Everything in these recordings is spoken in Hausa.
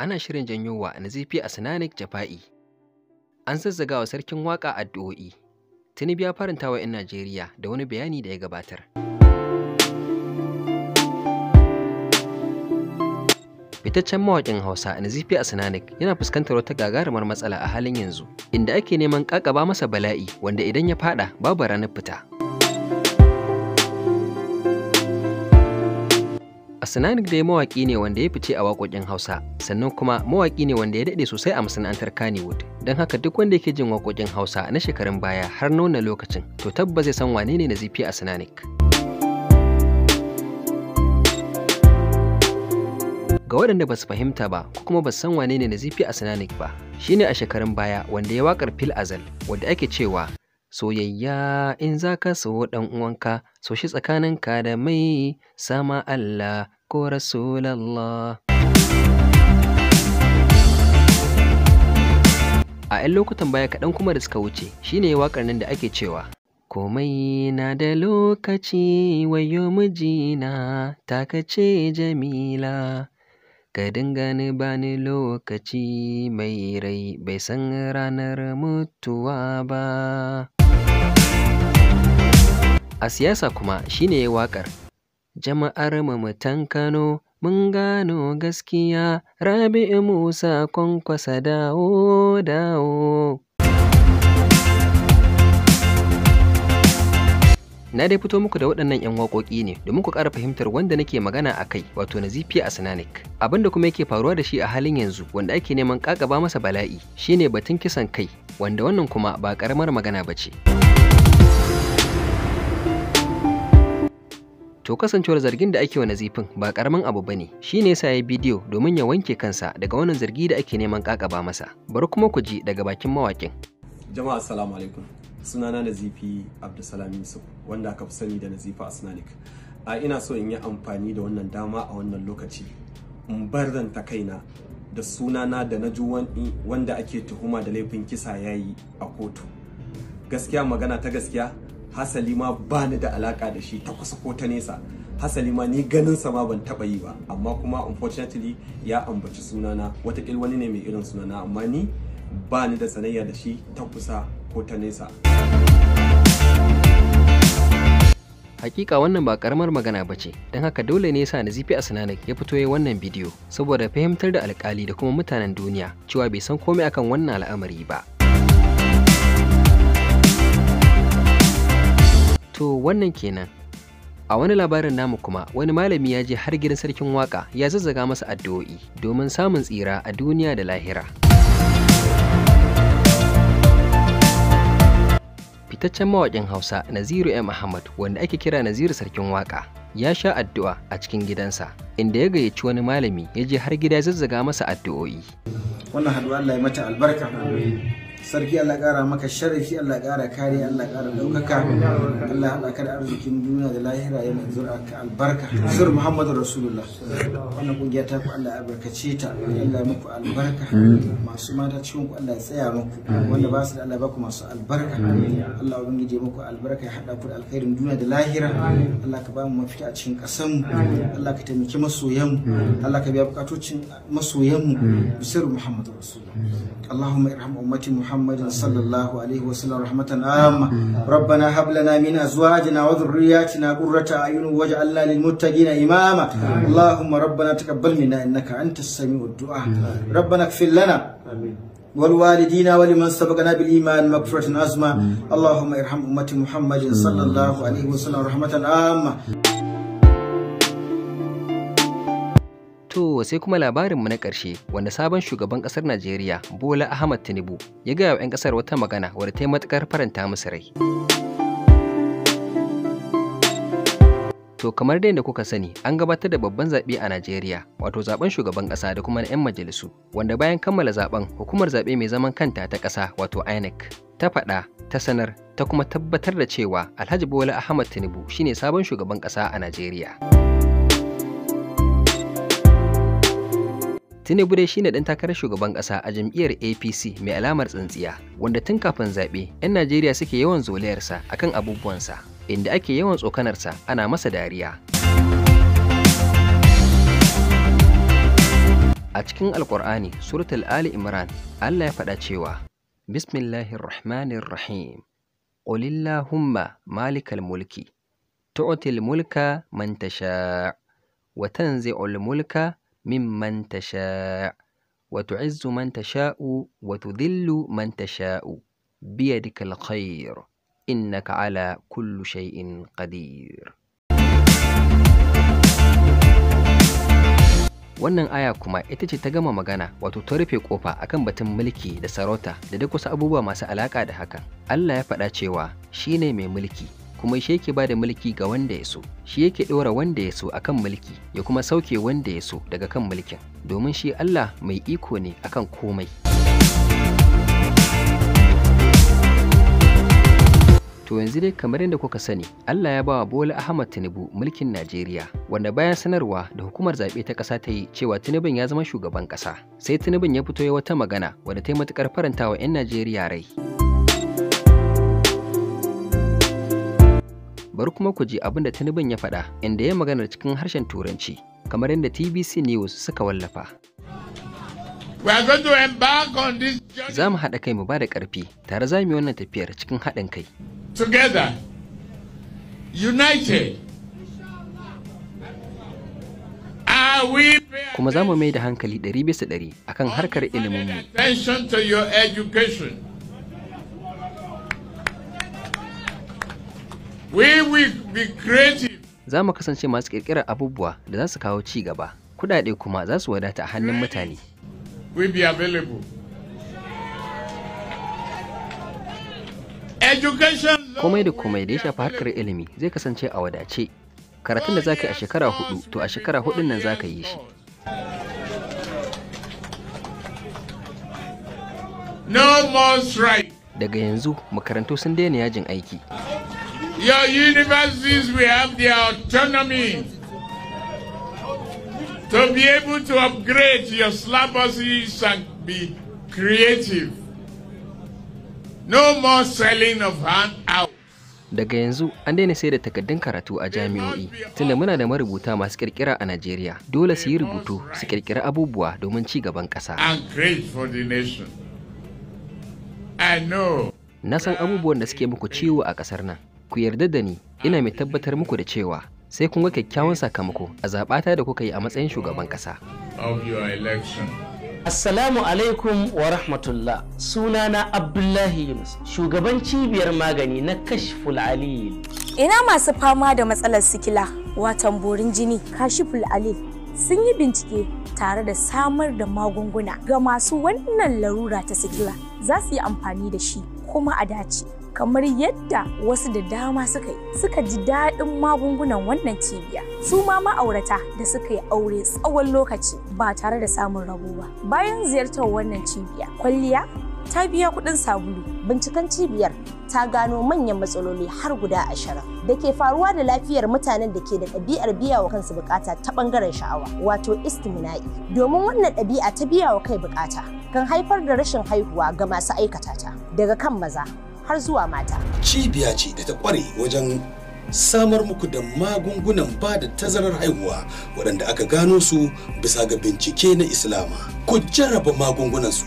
ana shirin janyo wa Nazifi a sinanik Jafa'i. An zazzagawa sarkin waƙa addu'o'i. Tinubu ya faranta wa 'yan Najeriya da wani bayani da ya gabatar. Fitaccen mawaƙin Hausa Nazifi sinanik yana fuskantar wata gagarumar matsala a halin yanzu, inda ake neman ƙaƙaba masa bala'i wanda idan ya faɗa babu ranar fita. sinanik dai mawaki ne wanda ya fice a waƙoƙin Hausa, sannan kuma mawaki ne wanda ya daɗe sosai a masana'antar Kannywood. Don haka duk wanda yake jin waƙoƙin Hausa na shekarun baya har nuna lokacin, to tabbas zai san wane ne na a sinanik. Ga waɗanda ba su fahimta ba, ko kuma ba su san wane ne na Nazifi sinanik ba, shine a shekarun baya wanda ya waƙar Fil Azal, wanda ake cewa soyayya in za ka so ɗan uwanka so shi tsakaninka da mai sama Allah ko Rasulallah. A 'yan lokutan baya kaɗan kuma da suka wuce shine waƙar nan da ake cewa. Komai na da lokaci wayo mijina ce Jamila. ka dinga ni bani lokaci mai rai bai san ranar mutuwa ba A siyasa kuma shi ne ya waƙar. Jama'ar mamatan Kano mun gano gaskiya Rabi'u Musa kwankwasa dawo dawo. Na dai fito muku da waɗannan 'yan waƙoƙi ne domin ku ƙara fahimtar wanda nake magana a kai wato Nazifi sinanik Abin da kuma yake faruwa da shi a halin yanzu wanda ake neman ƙaƙaba masa bala'i shine batun kisan kai wanda wannan kuma ba ƙaramar magana ba ce. to kasancewar zargin da ake wa nazifin ba karamin abu bane shi ne yasa ya bidiyo domin ya wanke kansa daga wannan zargi da ake neman kakaba masa bari kuma ku ji daga bakin mawakin jama'a assalamu alaikum sunana nazifi abdulsalam yusuf wanda aka fi sani da nazifa asnanik a ina so in yi amfani da wannan dama a wannan lokaci in bar barzanta kaina da sunana da na ji wanda ake tuhuma da laifin kisa yayi a kotu gaskiya magana ta gaskiya hasali ma bani da alaka da shi ta kusa ko ta nesa hasali ma ni ganin sa ma ban taba yi ba amma kuma unfortunately ya ambaci sunana watakil wani ne mai irin sunana amma ni bani da sanayya da shi ta kusa ko ta nesa hakika wannan ba karamar magana ba ce don haka dole ne sa nazifi a sananak ya fito ya wannan bidiyo saboda fahimtar da alkali da kuma mutanen duniya cewa bai san komai akan wannan al'amari ba To wannan kenan. A wani labarin namu kuma wani malami ya je har gidan sarkin waka ya zazzaga masa addu'o'i domin samun tsira a duniya da lahira. Fitaccen mawaƙin Hausa Naziru M. Ahmad wanda ake kira Naziru sarkin waka ya sha addu'a a cikin gidansa inda ya gayyaci wani malami ya je har gida ya zazzaga masa addu'o'i. Wannan haduwa Allah ya mata albarka. sarki Allah ƙara maka sharafi Allah ƙara kare Allah ƙara ɗaukaka Allah Allah ka arzikin duniya da lahira ya manzur ka albarka sir Muhammadu Rasulullah wannan kungiya ta ku Allah albarkace ta Allah muku albarka masu mata cikin ku Allah ya tsaya muku wanda ba su da Allah ba ku masu albarka Allah ubangiji muku albarka ya haɗa ku da alkhairin duniya da lahira Allah ka ba mu mafita a cikin ƙasar mu Allah ka taimaki masoyan mu Allah ka biya bukatocin masoyan mu sir Muhammadu Rasulullah Allahumma irham ummati Muhammad محمد صلى الله عليه وسلم رحمة عامة ربنا هب لنا من أزواجنا وذرياتنا قرة أعين واجعلنا للمتقين إماما اللهم ربنا تقبل منا إنك أنت السميع الدعاء ربنا اغفر لنا آمين والوالدين ولمن سبقنا بالإيمان مغفرة عظمى اللهم ارحم أمة محمد صلى الله عليه وسلم رحمة عامة To sai kuma mu na ƙarshe wanda sabon shugaban ƙasar Najeriya Bola Ahmad Tinubu ya gaya wa 'yan ƙasar wata magana wadda ta yi matuƙar faranta musu rai. To kamar dai da kuka sani an gabatar da babban zaɓe a Najeriya wato zaɓen shugaban ƙasa da kuma na 'yan majalisu wanda bayan kammala zaɓen hukumar zaɓe mai zaman kanta ta ƙasa wato INEC ta faɗa ta sanar ta kuma tabbatar da cewa Alhaji Bola Ahmad Tinubu shine sabon shugaban ƙasa a Najeriya. Tinubu dai shine dan takarar shugaban kasa a jam'iyyar APC mai alamar tsintsiya, wanda tun kafin zaɓe 'yan Najeriya suke yawan zolayarsa akan abubuwansa, inda ake yawan tsokanarsa ana masa dariya. A cikin Alƙur'ani, Suratul Ali Imran, Allah ya faɗa cewa, Bismillahirrahmanirrahim, Qulillahumma malikal mulki, tu'til mulka man tasha' wa tanzi'ul mulka mimman tasha' wa tu'izzu man tasha'u wa tudhillu man tasha'u biyadika alkhair innaka ala kulli shay'in qadir wannan aya kuma ita ce ta gama magana wato ta rufe kofa akan batun mulki da sarauta da duk wasu abubuwa masu alaka da hakan Allah ya faɗa cewa shine mai mulki kuma shi yake bada mulki ga wanda ya so shi yake ɗora wanda ya so akan mulki ya kuma sauke wanda ya so daga kan mulkin domin shi Allah mai iko ne akan komai To yanzu dai kamar yadda kuka sani, Allah ya bawa Bola Ahmad Tinubu mulkin Najeriya, wanda bayan sanarwa da hukumar zaɓe ta ƙasa ta yi cewa Tinubun ya zama shugaban ƙasa. Sai Tinubun ya fito ya wata magana wadda ta yi matuƙar faranta wa 'yan Najeriya rai. bari kuma ku ji abin da Tinubun ya faɗa inda ya magana cikin harshen Turanci kamar yadda TBC News suka wallafa. Za mu haɗa kai mu ba da ƙarfi tare za mu yi wannan tafiyar cikin haɗin kai. Together, united, Kuma za mu mai da hankali ɗari bisa ɗari kan harkar ilimin mu. We Za mu kasance masu ƙirƙirar abubuwa da za su kawo ci gaba, kuɗaɗe kuma za su wadata a hannun mutane. We Komai da komai da ya shafi harkar ilimi zai kasance a wadace. Karatun da za ka yi a shekara hudu, to a shekara hudun nan za ka yi shi. Daga yanzu makarantu sun daina yajin aiki. Your universities will have the autonomy to be able to upgrade your syllabuses and be creative. No more selling of hang-out. Daga yanzu an daina sai da takardun karatu a jami'o'i tunda muna da marubuta masu kirkira a Najeriya dole su yi rubutu su kirkira abubuwa domin ci gaban ƙasa. Na san abubuwan da suke muku ciwo a ƙasar nan. ku yarda da ni ina mai tabbatar muku da cewa sai kun ga kyakkyawan sakamako a zaɓata da kuka yi a matsayin shugaban ƙasa. Assalamu alaikum wa rahmatullah sunana Abdullahi Yunus shugaban cibiyar magani na kashful alil. Ina masu fama da matsalar sikila watan borin jini kashiful ali sun yi bincike tare da samar da magunguna ga masu wannan larura ta sikila za su yi amfani da shi kuma a dace kamar yadda wasu da dama suka yi suka ji daɗin magungunan wannan cibiya su ma ma'aurata da suka yi aure tsawon lokaci ba tare da samun rabo ba bayan ziyartar wannan cibiya kwalliya ta biya kuɗin sabulu. bincikan cibiyar ta gano manyan matsaloli har guda ashirin da ke faruwa da lafiyar mutanen da ke da ɗabi'ar biya wa kansu bukata ta ɓangaren sha'awa wato istimina'i. Domin wannan ɗabi'a ta biya wa kai bukata kan haifar da rashin haihuwa ga masu aikata ta daga kan maza har zuwa mata. Cibiya ce da ta ƙware wajen samar muku da magungunan ba da tazarar haihuwa waɗanda aka gano su bisa ga bincike na islama ku jarraba magungunan su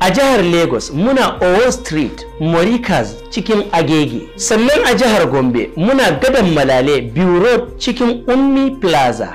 a jihar lagos muna owo street morikas cikin agege sannan a jihar gombe muna gadon malale road cikin ummi plaza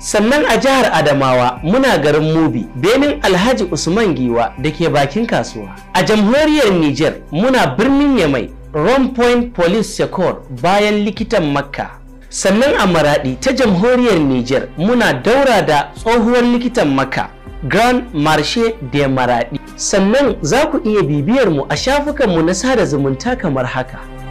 sannan a jihar adamawa muna garin mubi benin alhaji usman giwa da ke bakin kasuwa a jamhuriyar niger muna birnin yamai Ron Point Police Secor bayan likitan Makka. Sannan a Maraɗi ta jamhuriyar Niger muna daura da tsohuwar likitan Makka Grand Marche de Maraɗi. Sannan za ku iya bibiyar mu a shafukanmu na sada zumunta kamar haka.